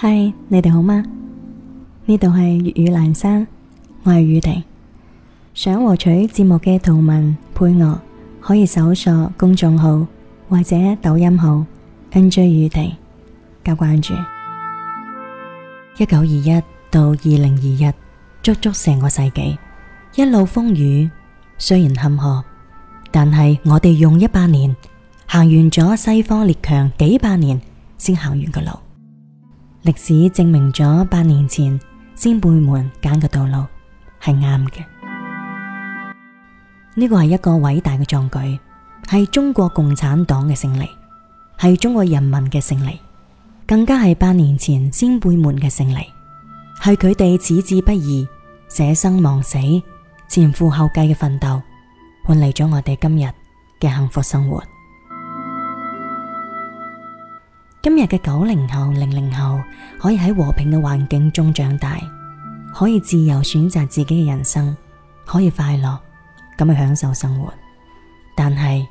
嗨，Hi, 你哋好嗎？呢度係粵語闌珊，我係宇婷。想獲取節目嘅圖文配樂，可以搜索公眾號或者抖音號 NJ 宇婷加關注。一九二一到二零二一，足足成個世紀，一路風雨，雖然坎坷，但係我哋用一百年行完咗西方列強幾百年先行完嘅路。歷史證明咗百年前先輩們揀嘅道路係啱嘅，呢個係一個偉大嘅壯舉，係中國共產黨嘅勝利，係中國人民嘅勝利，更加係百年前先輩們嘅勝利，係佢哋矢志不移、捨生忘死、前赴後繼嘅奮鬥，換嚟咗我哋今日嘅幸福生活。今日嘅九零後、零零後可以喺和平嘅環境中長大，可以自由選擇自己嘅人生，可以快樂咁去享受生活。但係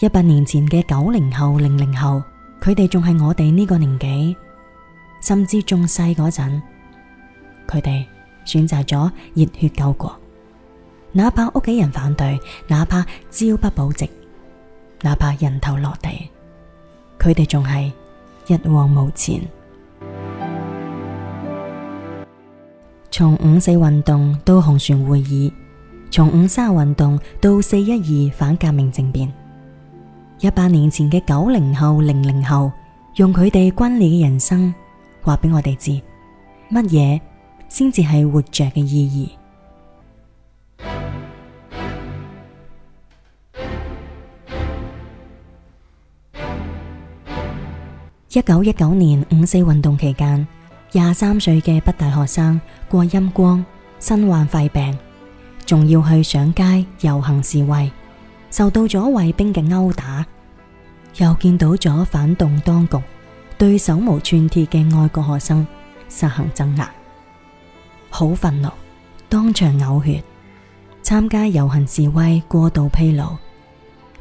一百年前嘅九零後、零零後，佢哋仲係我哋呢個年紀，甚至仲細嗰陣，佢哋選擇咗熱血救國，哪怕屋企人反對，哪怕朝不保夕，哪怕人頭落地，佢哋仲係，一往無前，從五四運動到紅船會議，從五卅運動到四一二反革命政變，一百年前嘅九零後、零零後，用佢哋轟烈嘅人生，話俾我哋知乜嘢先至係活着嘅意義。一九一九年五四運動期間，廿三歲嘅北大學生郭欽光身患肺病，仲要去上街遊行示威，受到咗衛兵嘅毆打，又見到咗反動當局對手無寸鐵嘅愛國學生實行鎮壓，好憤怒，當場嘔血。參加遊行示威過度疲勞，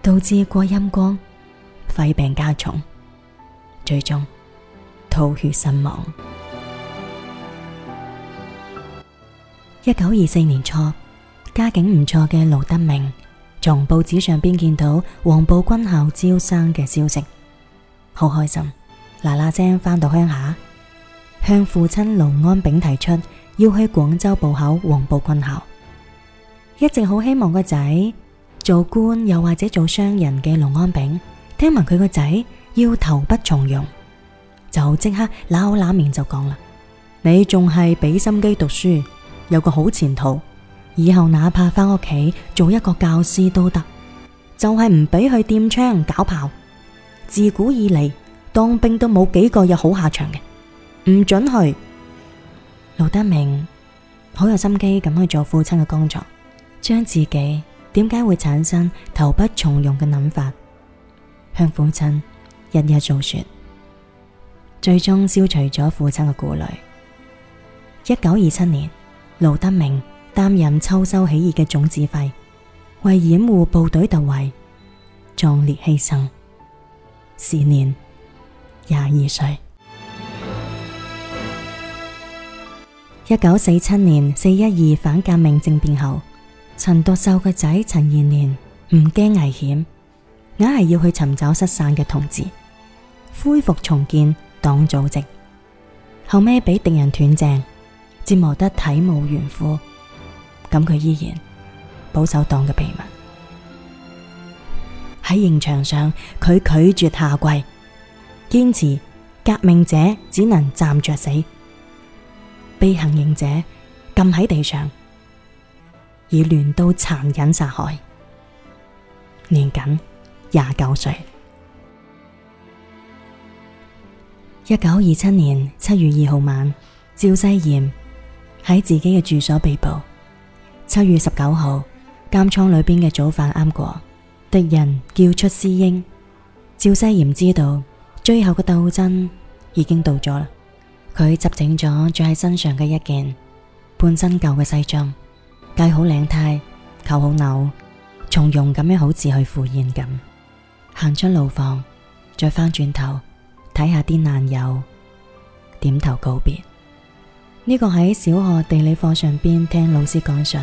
導致郭欽光肺病加重。最終吐血身亡。一九二四年初，家境唔錯嘅盧德銘從報紙上邊見到黃埔軍校招生嘅消息，好開心，嗱嗱聲翻到鄉下，向父親盧安炳提出要去廣州報考黃埔軍校。一直好希望個仔做官又或者做商人嘅盧安炳，聽聞佢個仔，要投筆從戎，就即刻撈拉面就講啦。你仲係俾心機讀書，有個好前途，以後哪怕翻屋企做一個教師都得，就係唔俾去掂槍搞炮。自古以嚟當兵都冇幾個有好下場嘅，唔准去。盧德銘好有心機咁去做父親嘅工作，將自己點解會產生投筆從戎嘅諗法，向父親。一一道來，最終消除咗父親嘅顧慮。一九二七年，盧德銘擔任秋收起義嘅總指揮，為掩護部隊突圍，壯烈犧牲，時年廿二歲。一九四七年四一二反革命政變後，陳獨秀嘅仔陳延年唔驚危險。硬係要去尋找失散嘅同志，恢復重建黨組織。後尾俾敵人斷正，折磨得體無完膚。咁佢依然保守黨嘅秘密。喺刑場上，佢拒絕下跪，堅持革命者只能站着死。被行刑者撳喺地上，以亂刀殘忍殺害。年僅。廿九歲，一九二七年七月二號晚，趙世炎喺自己嘅住所被捕。七月十九號，監倉裏邊嘅早飯啱過，敵人叫出施英。趙世炎知道最後嘅鬥爭已經到咗啦，佢執整咗着喺身上嘅一件半新舊嘅西裝，係好領呔，扣好紐，從容咁樣好似去赴宴咁。行出牢房，再翻轉頭睇下啲難友，點頭告別。呢個喺小學地理課上邊聽老師講述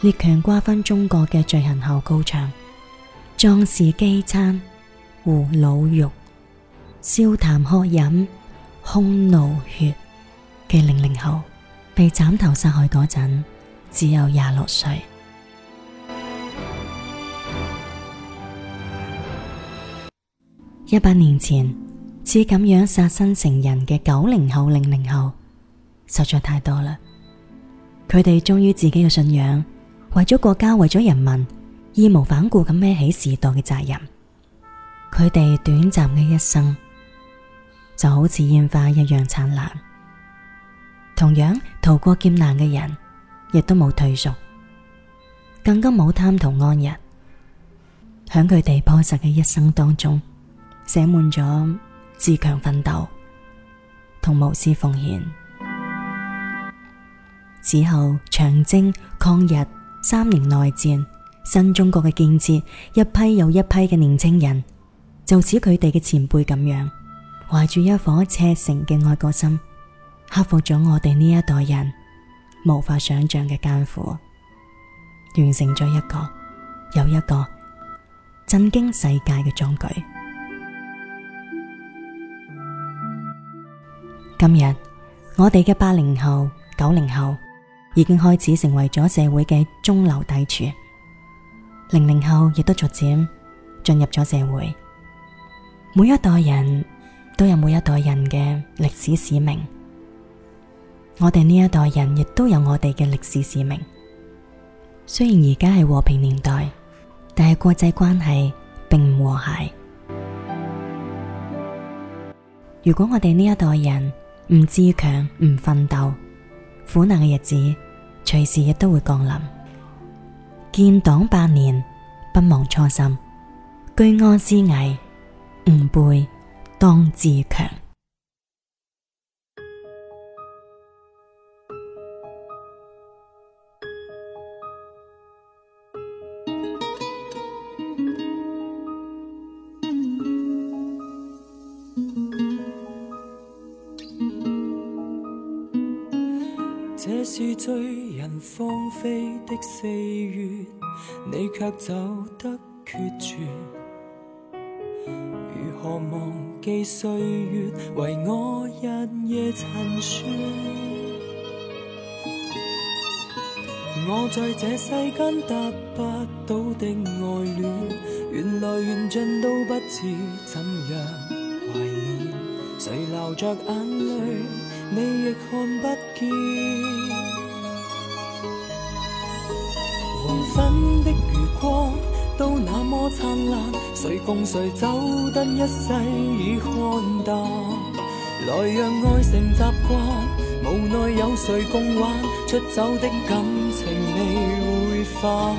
列強瓜分中國嘅罪行後，高唱壯士飢餐胡虜肉，笑談渴飲匈奴血嘅零零後，被斬頭殺害嗰陣只有廿六歲。一百年前，似咁樣殺身成仁嘅九零後、零零後實在太多啦。佢哋忠於自己嘅信仰，為咗國家、為咗人民，義無反顧咁孭起時代嘅責任。佢哋短暫嘅一生就好似煙花一樣燦爛。同樣逃過劫難嘅人，亦都冇退縮，更加冇貪圖安逸。響佢哋樸實嘅一生當中，寫滿咗自強奮鬥同無私奉獻。此後，長征、抗日、三年內戰、新中國嘅建設，一批又一批嘅年輕人，就似佢哋嘅前輩咁樣，懷住一顆赤誠嘅愛國心，克服咗我哋呢一代人無法想象嘅艱苦，完成咗一個又一個震驚世界嘅壯舉。今日我哋嘅八零後、九零後已經開始成為咗社會嘅中流砥柱，零零後亦都逐漸進入咗社會。每一代人都有每一代人嘅歷史使命，我哋呢一代人亦都有我哋嘅歷史使命。雖然而家係和平年代，但係國際關係並唔和諧。如果我哋呢一代人，唔自強唔奮鬥，苦難嘅日子隨時亦都會降臨。建黨百年，不忘初心，居安思危，吾輩當自強。這是醉人芳菲的四月，你卻走得決絕。如何忘記歲月，為我日夜陳述？ 我在這世間達不到的愛戀，原來緣盡都不知怎樣懷念，誰流着眼淚？ 你亦看不見黃昏的餘光都那麼燦爛，誰共誰走得一世已看淡，來讓愛成習慣。無奈有誰共玩，出走的感情未回返。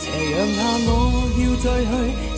斜陽下，我要再去。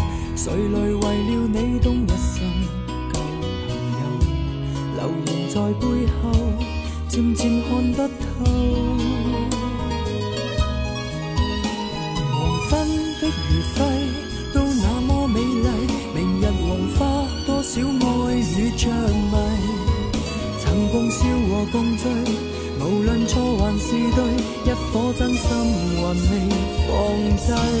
誰來為了你懂一生舊朋友，流言在背後，漸漸看不透。黃昏 的餘暉都那麼美麗，明日黃花多少愛與着迷，曾共笑和共醉，無論錯還是對，一顆真心還未放低。